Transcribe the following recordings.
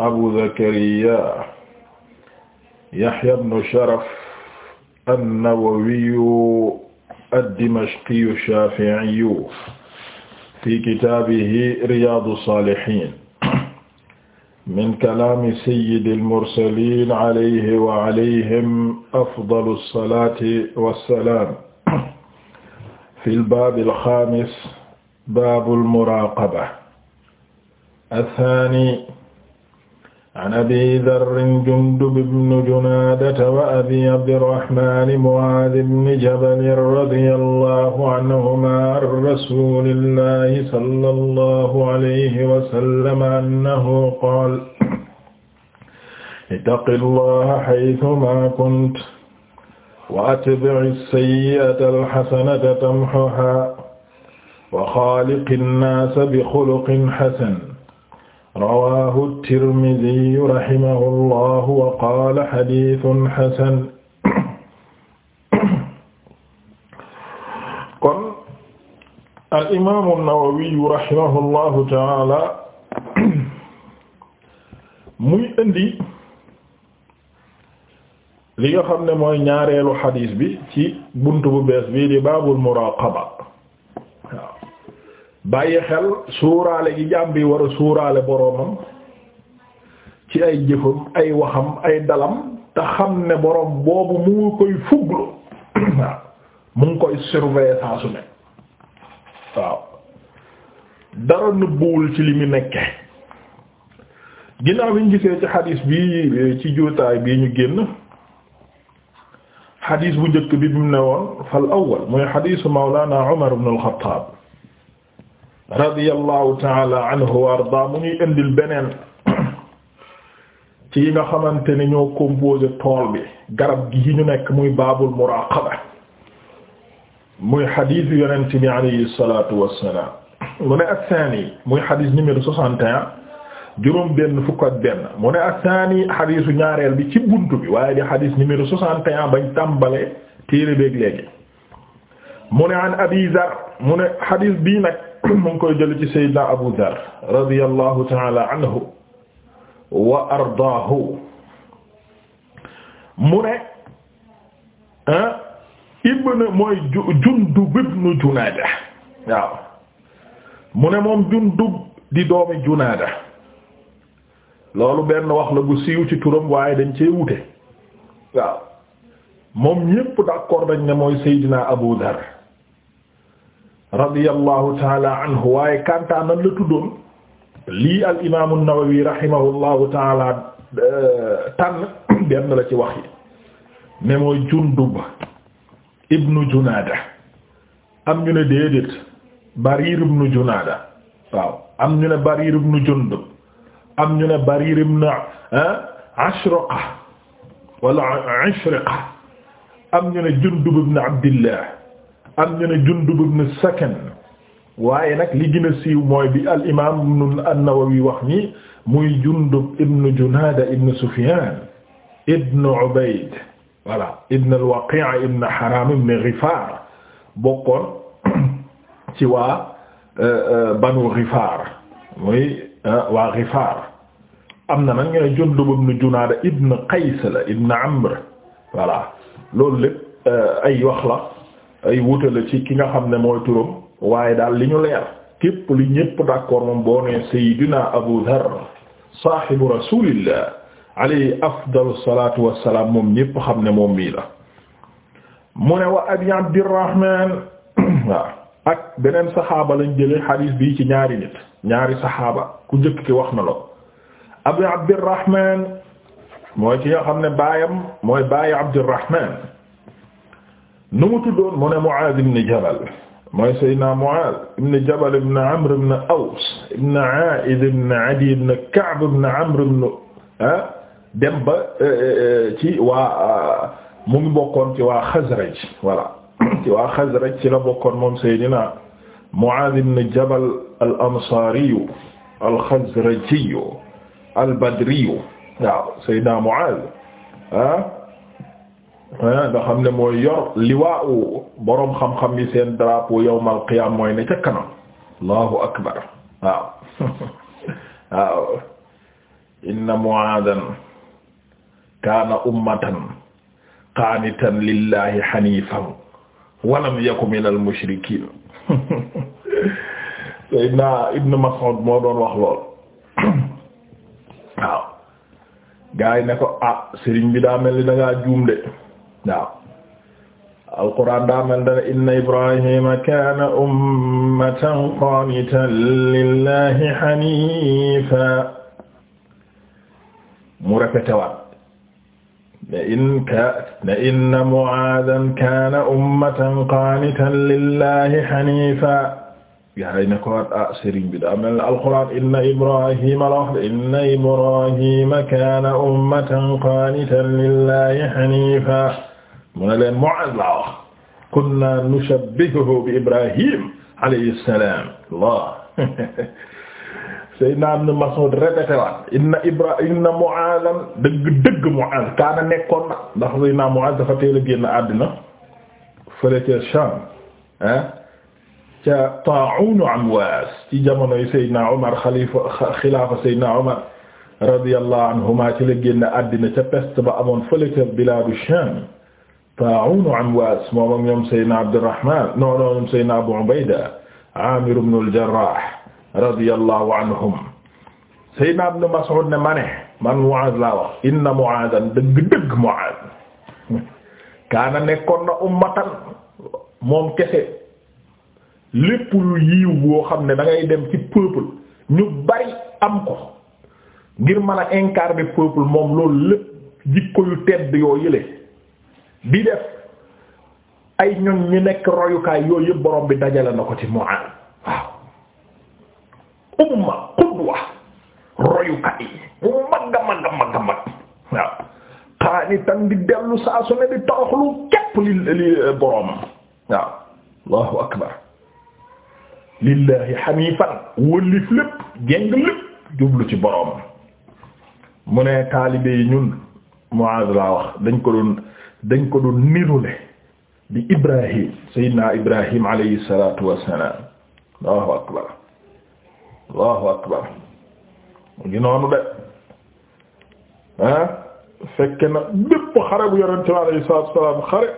abu zakariya yahya bnu sharaf annawawiyu addimashqiyu shaafi'iyu fi kitaabihi riyaadu saalihiin min kalaami sayyidil mursaliin alayhi wa alayhim afdalu salaati wa salaam fil baabil xaamis baabul muraaqaba asaani. an abi darrin jundub ibnu junaadata wa abi abdirrahmaani muaaz ibni jabalin radiyallahu anhumaa an rasuulillahi sallallahu alayhi wa sallam annahu qaala ittaqi llaha haythumaa kunta wa atbi'i sayyi'ata alhasanata tamhuhaa wa xaaliqi nnaasa bi xuluqin hasan rawaahu tirmidi rahimahullahu wa qaala xadiisun xasan kon al imaamu nawawiyu rahimahullahu taala muy indi li nga xam ne mooy ñaareelu xadiis bi ci buntu bu bees bii di baabul muraaqaba bàyyi xel suuraale gi jaam bi war a suuraale boroomam ci ay jëfam ay waxam ay dalam te xam ne boroom boobu mu ngi koy fuglu waaw mu ngi koy surveiller saa su ne waaw dara nëbbuwul ci li mu nekke ginnaaw bi ñu gisee ci xadiis bi ci juutaay bi ñu génn xadiis bu njëkk bi bi mu ne woon fal awwal mooy xadiisu mawlaana Umar ibn al radiyallahu taala mu ñuy indil beneen ci yi nga xamante ni ñoo composé tool bi garab gi ñu nekk muy baabul muraqaba muy xadiis yonent bi alayhi salaatu wassalaam mu ne asaani muy xadiis numéro soixante et un juróom benn fukk ak benn mu ne asaani xadiisu ñaareel bi ci buntu bi waaye di xadiis numéro soixante et bañ tàmbalee téere beeg léegi mu ne abi zar mu ne xadiis bii nag mu ngi koy jël ci Seydina Abu Dar radiyallahu ta'ala anhu wa ardaahu mu ne ah, ibn mooy Jundub ibn Junaada waaw mu ne moom Jundub di doomi Junaada loolu benn wax la bu siiw ci turam waaye dañ cee wute waaw moom ñépp d'accord dañ ne mooy Seydina Abu Dar radiyallahu taala anhu waaye kantaa nan la tuddoon lii al imaamu Nawawi rahimahullahu taala euh, tànn benn la ci wax yi ne mooy Jundub ibnu Junaada am ñu ne déedéet Bariir ibnu Junaada waaw am ñu ne Bariir ibnu Jundub am ñu ne Bariir ibnu Ashraqa wala Ashraqa am ñu ne Jundub ibnu Abdillah am ñu ne Jundub ibn Sakan waaye nag li gën a siiw mooy bi al imaam an-Nawawi wax nii muy Jundub ibn Junaada ibn Sufyaan ibn Ubayd voilà ibn al-Waqi' ibn Haraam ibn Ghifaar bokkoon ci waa euh, euh, Banu Ghifaar muy euh, waa Ghifaar am na nag ñu ne Jundub ibn Junaada ibn Qays la ibn Amr voilà loolu lépp ay wax la. ay wutale ci ki nga xam ne mooy turam waaye daal li ñu leer képp li ñépp d'accord moom boo ne sayyidina Abu Dharr saahibu rasulillah alayhi afdalu salatu wassalam moom ñépp xam ne moom mii la mu ne wa abi Abdurrahman waaw ak beneen saxaaba lañ jëlee xadiis bi ci ñaari nit ñaari saxaaba ku jëkk ki wax na la abi Abdurrahman mooy ki nga xam ne baayam mooy baayu Abdurrahman nu mu tuddoon mu ne Muaaz ibn Jabal mooy Seydina Muaaz ibn Jabal ibn Amr ibn Aws ibn Aaid ibn Adi ibn Ka'b ibn Amr ibn ah, dem ba eh, eh, eh, ci waa mu ngi bokkoon ci waa Xasraj voilà ci waa Xasraj ci la bokkoon moom Seydina Muaaz ibn Jabal al-Ansaariyu al-Xasrajiyu al-Badriyu waaw Seydina Muaaz ah nga xam ne mooy yor boroom xam-xam yi seen drapeau yawmal qiyaam mooy ne ca kanam allahu akbar waaw waaw inna mu'aadan kaana ummatan qaanitan lillahi haniifan walam yaku minal mushrikiin Seydina Ibn Mas'ud moo doon wax lool waaw gaa yi ne ko ah bi daa mel ni dangaa waaw alquran daa mel dana inna ibrahima kaana ummatan qaanitan lillahi hanifa mu répété waat ne in ka ne inna mu'aadan kaana ummatan qaanitan lillahi hanifa yaay ne ko waat ah sëriñ bi daa mel ne alquran inna ibrahima la wax de inna ibrahima kaana ummatan qaanitan lillahi hanifa mu ne leen Mu'aaz laa wax kunna nushabbihuhu bi Ibrahim alayhi salaam Allah Seydina Ibn Mas'ud répété waat inna Ibra inna Mu'aaz dëgg dëgg Mu'aaz kaana nekkoon na ndax Seydina Mu'aaz dafa teel a génn àddina fële ca Sham ah ca Taa'uun Amwaas ci jamonoy Seydina Omar xalifa xilaafa Seydina Omar radiyallahu anhuma ci la génn àddina ca peste ba amoon fële ca bilaadu Sham Taa'uun Amwaas moom ak ñoom Seydina Abdurrahmaan non non ñoom Seydina Abu Ubayda Aamir ibn al-Jarraah radiyallahu anhum Seydina Ibn Mas'ud ne ma ne man Mu'aaz laa wax inna Mu'aazan dëgg-dëgg Mu'aaz kaana nekkoon na ummatan moom kese lépp lu yiiw boo xam ne dangay ngay dem ci peuple ñu bari am ko ngir mën a incarner peuple moom loolu lépp jikko yu tedd yoo yële. di def ay ñoñ ñu nekk royukaay yooyu borom bi dajale na ko ci Mu'aaz waaw umma qudwa royukaay mu magga qaanitan di dellu saa su ne di toroxlu képp li li eh, boromam waaw akbar lillahi hanifan wëllif lépp jéng lépp jublu ci boromam mu ne taalibe yi ñun Mu'aaz laa wax dañ ko dañ ko doon nirule di ibrahim sayyidina ibrahim alayhi salatu wassalam allahu akbar allahu akbar mu ngi noonu de ah fekk na bépp xare bu yonente bi alayhi salatu wassalam xare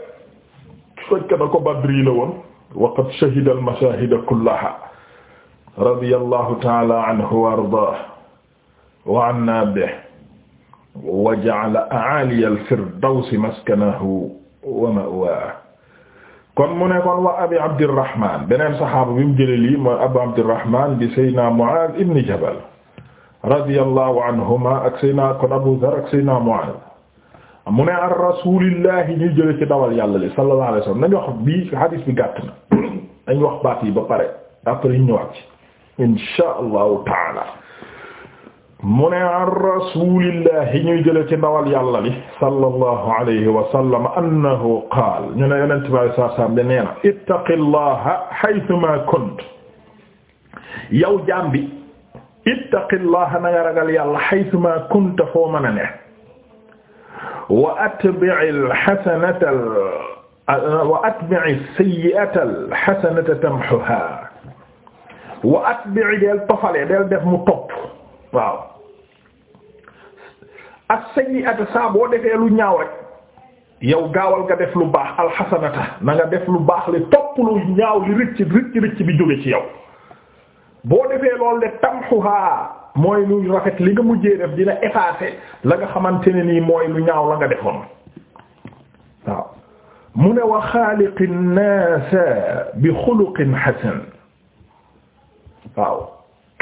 fekk na ko badri la woon wa qad shahida al mashahida kullaha radiyallahu ta'ala anhu wa ardaah wa anna bihi wa ja'ala a'ali al-firdawsi maskanahu wa ma'waahu kon mu ne kon wa abi abdirrahman beneen saxaaba bi mu jëlee lii mooy abu abdirrahman di sayyidina Mu'aaz ibn Jabal radiyallahu anhuma ak sayyidina kon Abu Zarr ak sayyidina Mu'aaz mu ne an rasulillahi ñuy jëlee ci dawal yàlla li sallallahu alayhi wasallam nañu wax bii hadis bi gàtt na dañ wax baat yi ba pare après ñu ñëwaat ci insha allahu taala mu ne an rasulillah ñuy jële ci ndawal yàlla li sallallahu alayhi wa sallam annahu qaal ñu ne yonent bi alayhi salaatu salaam de nee na ittaqillaha haythuma kunt yow jaam bi ittaqillaha na nga ragal yàlla haythuma kunt foo mën a ne wa atbi'il hasanata wa atbi'i sayyi'atal hasanata tamhuha wa atbi'i del tofalee del def mu topp waaw as at saa boo defee lu ñaaw rek yow gaawal nga def lu baax alxasanata na nga def lu baax li topp lu ñaaw li rëcc rëcc bi jóge ci yow boo defee loolu de tamxuha mooy lu rafet li nga mujjee def dina effacer la nga xamante ne nii mooy lu ñaaw la nga defoon waaw mu ne wa xaaliqi nnaasa bi xuluqin hasan waaw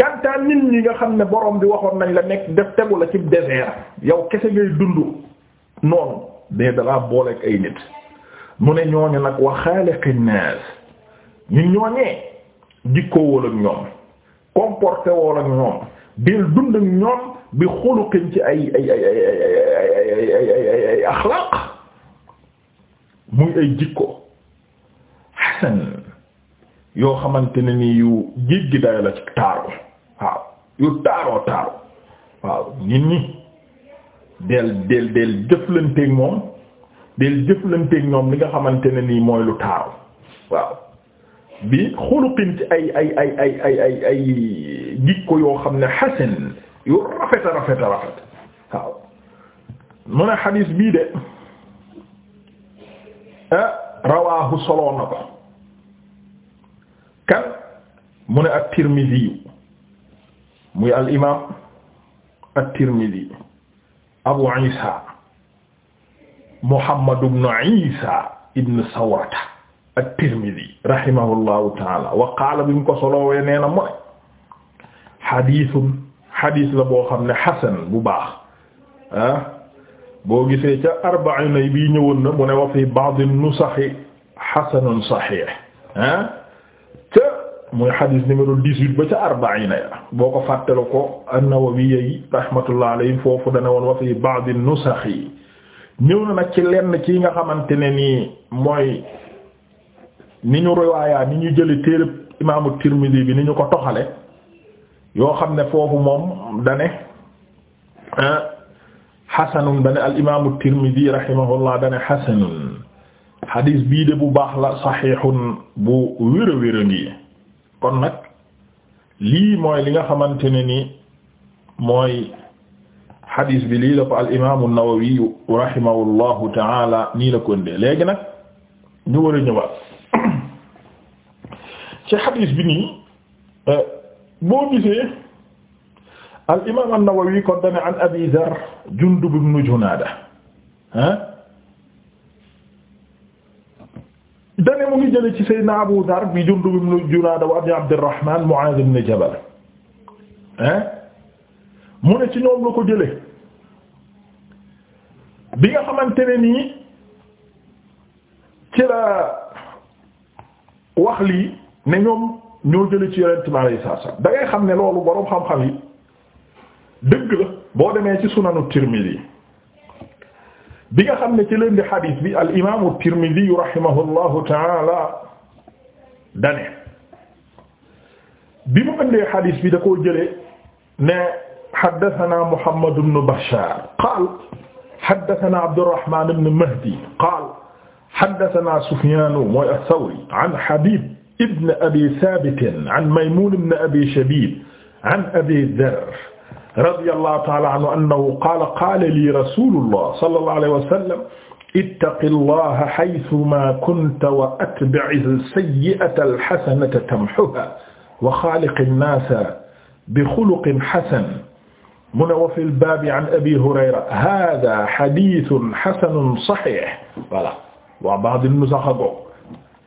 kantaa nit ñi nga xam ne borom bi waxoon nañ la nekk def tegu la ci désert yow kese ngay dund noonu mais dalaa booleeg ay nit mu ne ñooñu nag wa xaaliqin naas ñu ñooñee jikkoo wool ak ñoom comporté wool ak ñoom deel dund ak ñoom bi xuluqin ci ay ay ay ay ay axlaaq muy ay jikko xasan yoo xamante ne nii yu jéggi dayo la ci taaru yu taaroo taaroo waaw nit ñi del del del jëflanteeg moom del jëflanteeg ñoom li nga xamante ne nii mooy lu taaroo waaw bi xuluqin ay ay ay ay ay ay yoo xam ne xasan yu rafet a rafet a rafet waaw mu ne xadiis bii de ah, rawaahu soloon ko kan mu ne ak Tirmidhi muy al imaam at-Tirmidhi Abu Isa Muhammad ibn Isa ibn Sawrata at-Tirmidhi rahimahullahu taala wa qaala bi mu ko solowee nee na mu ne xadiisun xadiis la boo xam ne xasan bu baax ah boo gisee ca arba'iin yi bii ñëwoon na mu ne wa fi ba'd an-nusaxi xasanun saxiix ah muy xadis numéro dix-huit ba ca arbaina ya boo ko fàttale ko an-Nawawi yi rahmatullah alayhi foofu dana woon wa fi ba'd an-nusakh yi ñëw na nag ci lenn ci nga xamante ne nii mooy ni ñu riwaayaa ni ñu jële téere imaamu Tirmidhi bi ni ñu ko toxale yoo xam ne foofu moom dane ah, xasanun dane al imaamu Tirmidhi rahimahullah dane xasanun xadis bii de bu baax la saxiixun bu wér a ngi kon nag lii mooy li nga xamante ne ni mooy xadiis bi lii la ko al imaamu taala nii la ko indee léegi nag ñu a ñëwaat ci xadiis bi nii euh, boo gisee al imaam nawawi kon an Abi Dharr Jundub ibn Junaada ah dane mu ngi jële ci Seydina Abu Dhar bi Jundub ibn Junaada wa Abi Abdurrahman Mu'aaz ibn Jabal hein mu ne ci ñoom la ko jële bi nga xamante ne nii ci la wax lii ne ñoom ñoo jële ci Yonent bi alayhi salaatu xam ne loolu boroom xam-xam yi dëgg la boo demee ci Sunanu yi bi nga xam ne ci leen di xadis bi al imaamu Tirmidi rahimahullahu taala dane bi mu ëndee xadis bi da koo jëlee ne xaddasanaa Muhammad ibn Bashaar qaal xaddasanaa Abdurrahmaan ibn Mahdi qaal xaddasanaa Sufyaan mooy as-Sawri an Habiib ibn Abi Saabit an Maymuun ibn Abi Shabiib an Abi Dharr radiyallahu ta'ala anhu annahu qaala qaala li rasulullah sallallahu alayhi wa sallam ittaqi llaha haythuma kunta wa atbi' sayyi'ata alhasanata tamhuha wa xaaliqi nnaasa bi xuluqin hasan mu ne wa fil baabi an abi hurayra haaza hadiisun hasanun sahiih voilà waa baax dina sax a gox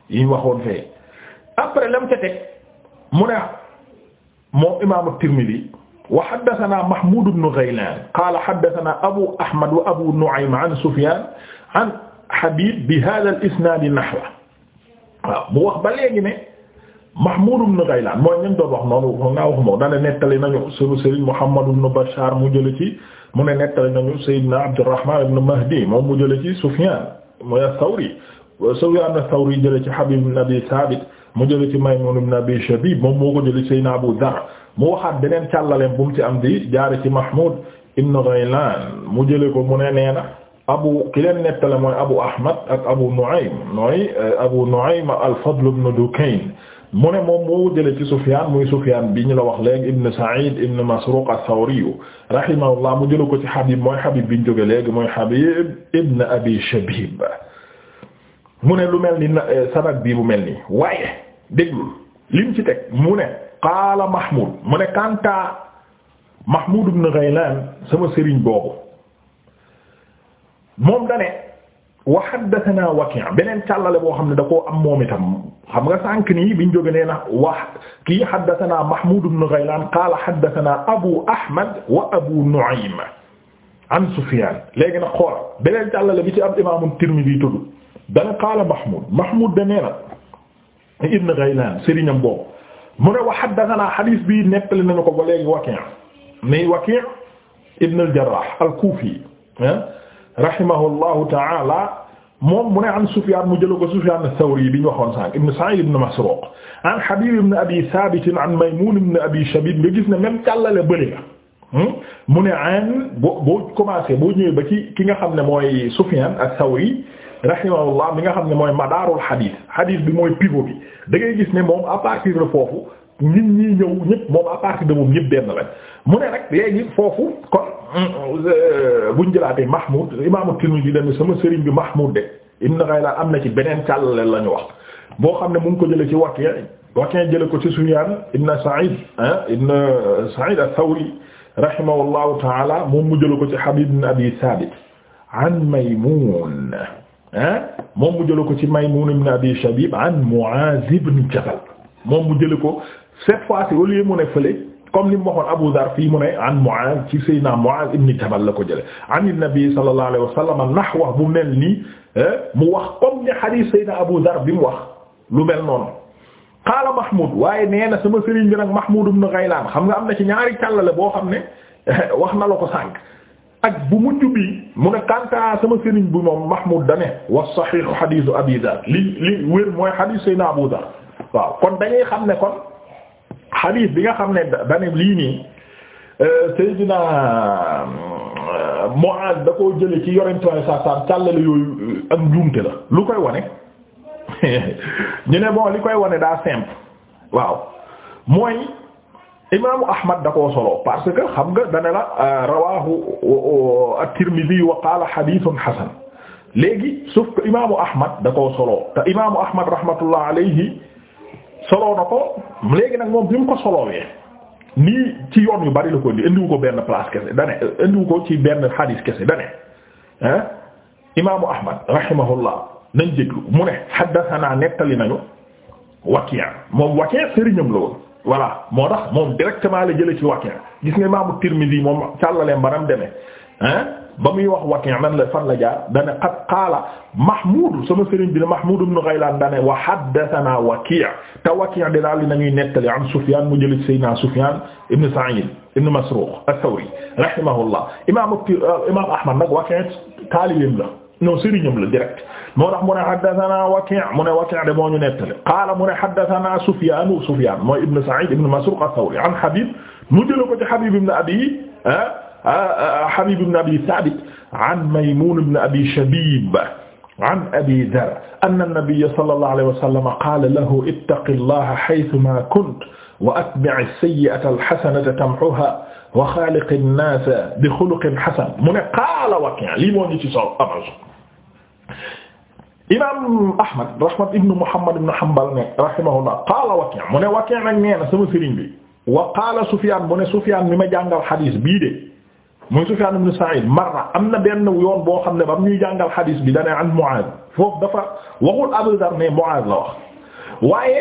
yi ñu waxoon fee après lam ca teg mu ne moom imaamu Tirmidi wa haddasanaa Mahmoud ibn Ghaylaan qaala haddasanaa Abu Ahmad wa Abu Nu'aym an Sufyaan an Habiib bi haadhal isnaadi nahwa waaw mu wax ba léegi ne Mahmoud ibn Ghaylaan mooy ñu doon wax noonu wax naa wax moom dana nettali nañu sunu Serigne Muhammad ibn Bashaar mu jëlee ci mu ne nettali nañu Seydina Abdurrahmaan ibn Mahdi moom mu jëlee ci Sufyaan mooy Sawri Sufyaan Sawri jëlee ci Habiib ibn Abi Saabit mu jëlee ci Maymuun ibn Abi Shabiib moom moo ko jëlee Seydina Abu Dharr mu waxaat beneen càllaleem bu mu ci am di jaare ci Mahmoud ibn Ghaylan mu jële ko mu ne nee na abu ki leen nettale mooy abu ahmad ak abu nu'aym nooy euh, abu nu'aym al a ibn Dukayn mu ne moom moo jële ci Sufyaan muy Sufyaan bi ñu la wax léegi ibn Sa'id a Masruq ath-Thawri rahimahullah mu jële ko ci yi mooy Habib bi ñu jóge léegi mooy Habib ibn Abi Shabib mu ne lu mel ni euh, sanad bii bu mel nii waaye déglu lim ci teg mu ne qaala Mahmoud mu ne Kanta Mahmoud ibn Ghaylan sama sëriñ boobu moom da ne wa haddathana Waki' beneen càllale boo xam ne da koo am moom itam xam nga sànq nii biñ jógee nee na wax kii haddathana Mahmoud ibn Ghaylan qaala haddathana Abu Ahmad wa Abu Nu'aym an Sufyan léegi nag xool beneen càllale bi ci am imaamu Tirmidhi tudd dana qaala Mahmoud Mahmoud da nee na ibn Ghaylan sëriñam boobu. mu ne wa haddathana hadis bi nettali nañu ko ba léegi Waki' ni Waki' ibn al-Jarrah al-Kufi ah, rahimahullahu ta'ala moom mu ne an Sufyan mu jël ko Sufyan ath-Thawri bi ñu waxoon sànq ibn Sa'id ibn Masruq an Habib ibn Abi Thabit an Maymun ibn Abi Shabib nga gis ne même tallale bële la hmm, mu ne an boo boo commencé boo ñëwee ba ci ki nga xam ne mooy Sufyan ath-Thawri rahimahullah mi nga xam ne mooy madaarul xadiis xadiis bi mooy pivot bi da gis ne moom à partir de foofu nit ñi ñëw ñëpp moom à partir de moom ñëpp benn lañ mu ne rek léegi foofu kon euh, buñ jëlaatee Mahmoud imaamu Tirmidhi dañ sama sëriñ bi Mahmoud de ibn Ghaylan am na ci beneen càllale la ñu wax boo xam ne mu ngi ko jële ci Waki' Waki' jële ko ci Sufyaan ibn Sa'id ah ibn Sa'id ath-Thawri rahimahullahu ta'ala moom mu jële ko ci Habib ibn Abi Thabit an Maymun moom mu jële ko ci Maymun ibn Abi Shabib an Muaz ibn Jabal moom mu jële ko cette fois-ci au mu ne fële comme li mu waxoon Abu Dhar fii mu ne an Muaz ci Seydina Muaz ibn Jabal la ko jële an Nabi sallallahu alayhi wa sallam nahwa bu mel nii mu wax comme ni hadith Seydina Abu Dhar bi mu wax lu mel noonu qaala Mahmoud waaye nee na sama sëriñ bi nag Mahmoud ibn Ghaylan xam nga am na ci ñaari càllale boo xam ne wax na la ko sànq ak bu mujj bi mu ne Kantaa sama sëriñ bi moom Mahmoud dane wa saxiixu xadiisu Abi Dar li li wér mooy xadiis Seydina Abu Dar waaw kon dangay xam ne kon xadiis bi nga xam ne dane lii nii euh, Seydina euh, Muaaz da koo jële ci yorentuwaay saa saa càllale yooyu euh, ak njuumte la lu koy wane ñu ne bon li koy wane daa simple waaw mooy. imaamu Ahmad da koo solo parce que xam nga dana la euh, rawaahu euh, euh, at-Tirmidhi wa qaala hadithun hasan léegi sauf que imaamu Ahmad da solo te imaamu Ahmad rahmatullah nag moom bi mu ko ci yoon yu bari la ko indi indiwu ko benn place kese dane indiwu ko ci benn hadith kese dane Ahmad rahimahullah nañ mu ne haddathana nettali nañu Waki' moom Waki' sëriñam la voilà moo tax moom directement la jële ci Waki' gis nga imaamu Tirmidhi moom càllale mbaram demee ah ba muy wax Waki' nan la fan la jaar dane qad qaala Mahmoud sama sëriñ bi ne Mahmoud ibn Ghaylan dane wa haddathana Waki' te Waki' di daal li nañuy nettali an Sufyan mu jële ci Seydina Sufyan ibn Sa'id ibn Masruq ath-Thawri rahimahullah imam imam Ahmad nag Waki' taalibeem la non sëriñam la direct moo tax mu ne haddathana Waki' mu ne Waki' de moo ñu nettale qaala mu ne haddathana Sufyan Sufyan mooy ibn Sa'id ibn Masruq ath-Thawri an Habib mu jëla ko ci Habib ibn Abi ah, ah, Habib ibn Abi Thabit an Maymun ibn Abi Shabib an Abi Dharr anna an-nabiyya sallallahu alayhi wa sallam qaala lahu ittaqillaha haythuma kunta wa atbi' as-sayyi'ata al-hasanata tamhuha wa xaaliqi nnaasa bi xuluqin hasan mu ne qaala Waki' lii moo ñu ci sol imam ahmad rahmat ibnu muhammad ibnu hanbal ne rahimahullah qaala waqi' mu ne waqi' nag nee na sama sëriñ bi wa qaala sufyaan mu ne sufyaan mi ma jàngal xadis bii de muy sufyaan ibnu sa'id marra am na benn yoon boo xam ne bam ñuy jàngal xadis bi dane an mu'aaz foofu dafa waxul abu dar ne mu'aaz la wax waaye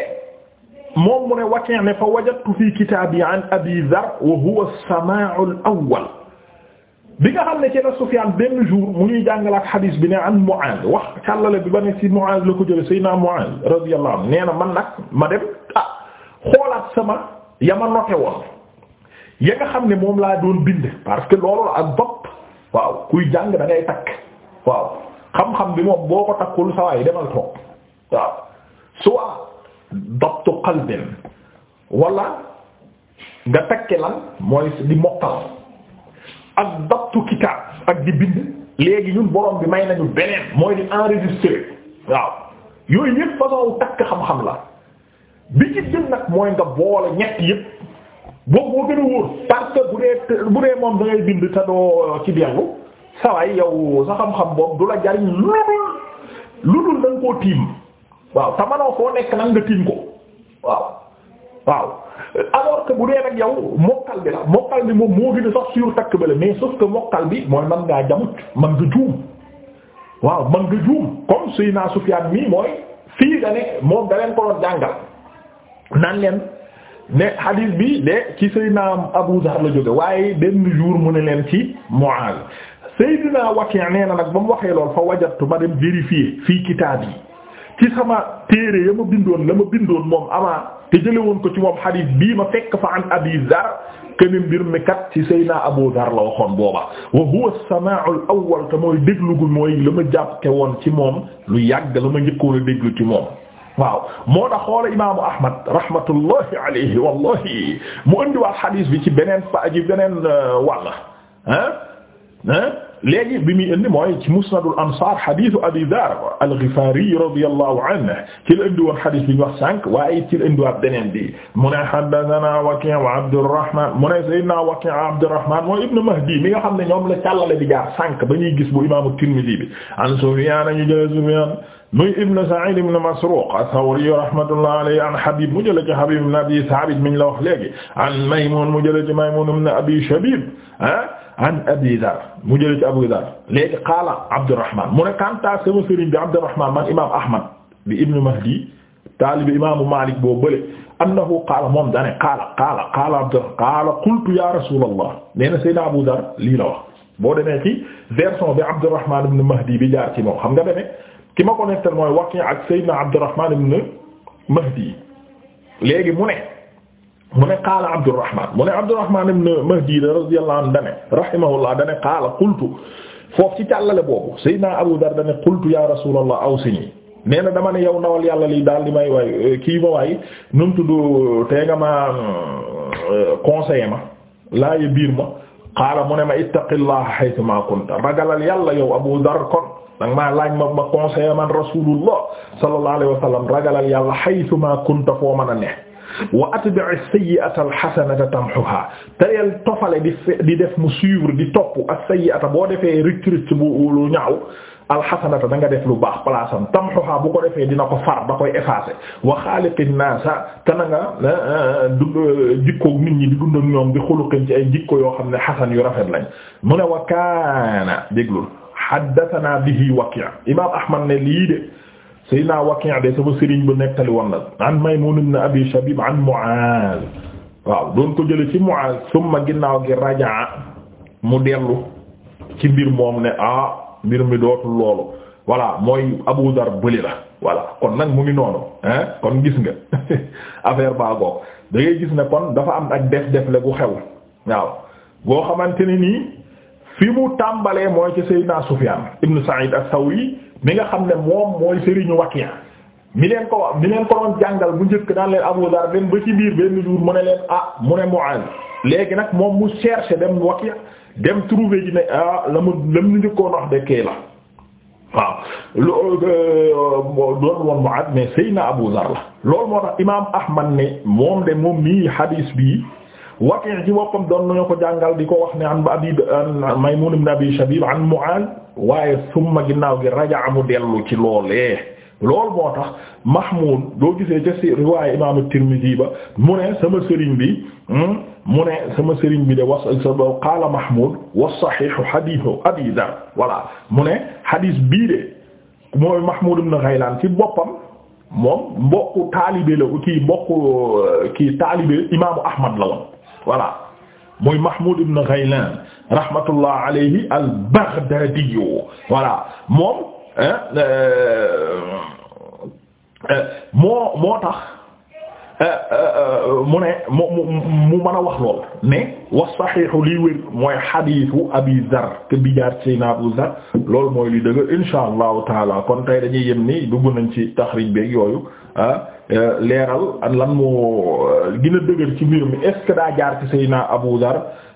moom mu ne waqi' ne fa wajadtu fi kitaabi an abi dar wa huwa as-samaa'u al-awwal bi nga xam ne ci la Sufyaan benn jour mu ngi jàngal ak xadiis bi ne an Muaaz wax càllale bi ba ne ci Muaaz la ko jële Seydina Muaaz radiyallahu anhu nee na man nag ma dem ah xoolaat sama ya ma note ya nga xam ne moom laa doon bind parce que loolu la ak bopp waaw kuy jàng da takk waaw xam-xam bi moom boo ko takkul sa demal toog waaw soit dabtu qalbin wala nga takke lan mooy di mokkal ak daptu kitaab ak di bind léegi ñun borom bi may nañu beneen mooy di enregistrer waaw yooyu yëpp façon takk xam-xam la bi ci jëm nag mooy nga boole ñett yëpp boobu moo gën a wóor parce que bu dee bu dee moom da ngay bind te doo ci dellu sawaay yow sa xam-xam boobu du la jariñ lu dul lu dul da nga koo tiim waaw te manoo foo nekk nag nga tiim ko waaw waaw alors que bu dee nag yow mokkal bi la mokkal bi moom moo gën a sax sur takk ba la mais sauf que mokkal bi mooy man ngaa jamut man nga juum waaw man nga juum comme Seydina Sufyaan mii mooy fii da ne moom da leen ko doon jàngal naan leen ne hadith bi de ci Seydina Abu Dhar la jóge waaye benn jour mu ne leen ci Muaaz Seydina Waki' nee na nag ba mu waxee lool fa wajatu ma dem vérifier fii kitaab yi ci sama téere ya ma bindoon la ma bindoon moom amaa te jële woon ko ci moom xadiis bii ma fekk fa an abi dar kene mbir mi kat ci sayna abu dar la waxoon booba wa huwa as-samaa'u al-awwal te mooy déglu gu mooy la ma jàppe woon ci moom lu yàgg la ma njëkkoon a déglu ci moom waaw moo tax xoolal imaamu Ahmad rahmatullahi alayhi wallahi mu andi waa xadiis bi ci beneen fa ci beneen euh, wàll ah ah léegi bi muy indi mooy ci musnadul ansaar xadiisu abi dar al-Ghifari radiyallahu anhu ci la indi woon xadis bi ñu wax sànq waaye ci la indiwaat beneen bi mu ne haddathana Waki' wa Abdurrahman mu ne sayyidina Waki' Abdurrahman mooy ibnu Mahdi mi nga xam ne ñoom la càllale bi jaar sànq ba ñuy gis bu imaamu Tirmidhi bi an Sufyaan ñu jëlee Sufyaan muy ibn Sa'id ibn Masruq ath-Thawri rahmatullah alayhi an Habib mu jëlee ci Habib ibn Abi Thabit mi ñu la wax léegi an Maymun mu jëlee ci Maymun ibn Abi Shabib ah an Abi Dar mu jëlee ci Abu Dar léegi qaala Abdurrahman mu ne Kanta sama sëriñ bi Abdurrahman man imaam Ahmad bi Ibn Mahdi taalibi imaamu Malik boo bële annahu qaala moom daa ne qaala qaala qaala Abdurrahman qaala qultu ya Rasulallah nee na Seydina Abu Dar lii la wax. boo demee ci version bi Abdurrahman ibn Mahdi bi jaar ci moom xam nga demee ki ma ko nettal mooy Waki' ak Seydina Abdurrahman ibn Mahdi léegi mu ne. mu ne qaala Abdurrahman mu ne Abdurrahman ibn Mahdi radiyallahu anhu dane rahimahullah dane qaala qultu foofu ci càllale boobu Seydina Abu Dar dane qultu ya Rasulallah awsini nee na dama ne yow nawal yàlla li daal di may waay kii ma waay nu mu tudd tee nga ma euh, conseiller ma laaye biir ma qaala mu ne ma ittaqillaha haythuma kunta ragalal yàlla yow Abu Dar kon danga maa laaj ma ma conseiller man rasulullah sallallahu alayhi wa sallam ragalal yàlla haythuma kunta foo mën a ne wa atbi'i sayyi'ata alxasanata tamhuha teel tofale di di def mu suivre di topp ak sayyi'ata boo defee rëcc rëcc bu lu ñaaw alxasanata da nga def lu baax palaasam tamhuha bu ko defee dina ko far da koy wa xaaliqin naasa te na nga eh, eh, eh, jikkoog nit ñi di dund ak ñoom di xuluqin ci ay jikko yoo xam ne xasan yu rafet lañ mu ne wa kaana déglul haddathana bihi waqi' imaam Ahmad ne lii de. Seydina Waki' de sama sëriñ bu nettali woon la an Maymun ibn Abi Shabib an Mu'az waaw doon ko jële ci Mu'az summa ginnaaw gi rajaa mu dellu ci mbir moom ne ah mbir mi dootul loolu voilà mooy Abu Dar bëli la voilà kon nag mu ngi noonu hein kon gis nga affaire baa goog da gis ne kon dafa am ak def def la gu xew waaw boo xamante ni nii fi mu tàmbalee mooy ci Seydina Sufyan ibn Sa'id as-Sawri mi nga xam ne moom mooy Serigne Wakiya mi leen ko wax mi leen ko doon jàngal bu njëkk daan leen Abu Dar dem ba ci biir benn jour mu ne leen ah mu ne Mu'aaz léegi nag moom mu chercher dem Wakiya dem trouver ji ne ah, la mu la mu njëkkoon wax de kee la waaw loolu euh, doon woon Mu'aaz mais Seyna Abu Dar la loolu moo tax imaam Ahmad ne moom de moom nii hadis bii. Waki' ci boppam doon nañu ko jàngal di ko wax ne an abi Maymun ibn Abi Shabib an Mu'adh waaye summa ginnaaw gi raja'a mu dellu ci loolee loolu moo tax Mahmoud doo gisee ca si riwaaya imaamu Tirmidhi ba mu ne sama sëriñ bi hmm, mu ne sama sëriñ bi de was qaala Mahmoud wa sahihu hadithu Abi Dharr voilà mu ne hadith bii de mooy Mahmoud ibn Ghaylan ci boppam moom mbokku taalibe la kii mbokku kii taalibe imaamu Ahmad la voilà muy Mahmoud ibn Ghaylan rahmatullah alayhi al-Baghdadi voilà moom euh, euh, moo moo tax mu ne mu mu mën a wax lool ne wax saxiixu liy wér mooy xadiisu abi Zar te bi jaar ci na Abu Zar loolu mooy li dëgg insha allahu taala kon tey dañuy yem ni dugg nañ ci taxrij beeg yooyu ah eh, leeral lan moo eh, gën a dëgër ci mbir mi est-ce que daa jaar ci Seyna Abu Zar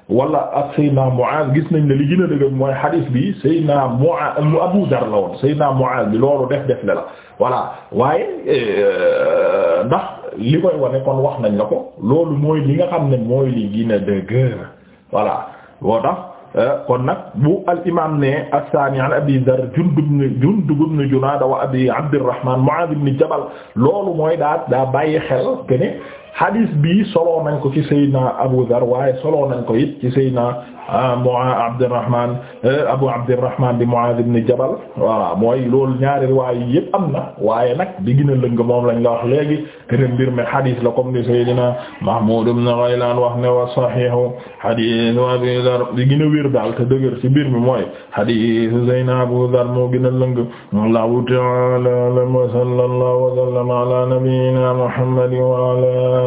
wala ak Seyna Muaz gis nañ ne li gën a dëgër mooy xadiis bi Seyna Muaz Abu Zar la woon Seyna Muaz bi loolu def def la la voilà waaye eh, ndax. li koy wane kon wax nañ la ko loolu mooy li nga xam ne mooy li gina dëgër voilà boo tax euh, kon nag bu al ne as-saani an abi dar jundub ne jundub ibn junaada wa abi abdirahman muaad ibn jabal loolu mooy daal daa bàyyi xel ke hadis bi solo nañ ko ci Seydina Abu Dhar waaye solo nañ ko it ci Seydina ah, Mu'adh Abdurrahman eh, Abu Abdurrahman bi Mu'adh ibn Jabal voilà mooy loolu ñaari riwaay yi yëpp am na waaye nag di gën a lëng moom lañ la wax léegi tërë mbir mi hadis la comme ni Seydina Mahmud ibn Ghaylan wax ne wa sahihu hadis Abu Dhar di gën a wér daal te dëgër ci mbir mi mooy hadis Seydina Abu Dhar moo gën a lëng Allahu ta'ala wa sallallahu wa sallama ala nabiyyina Muhammad wa ala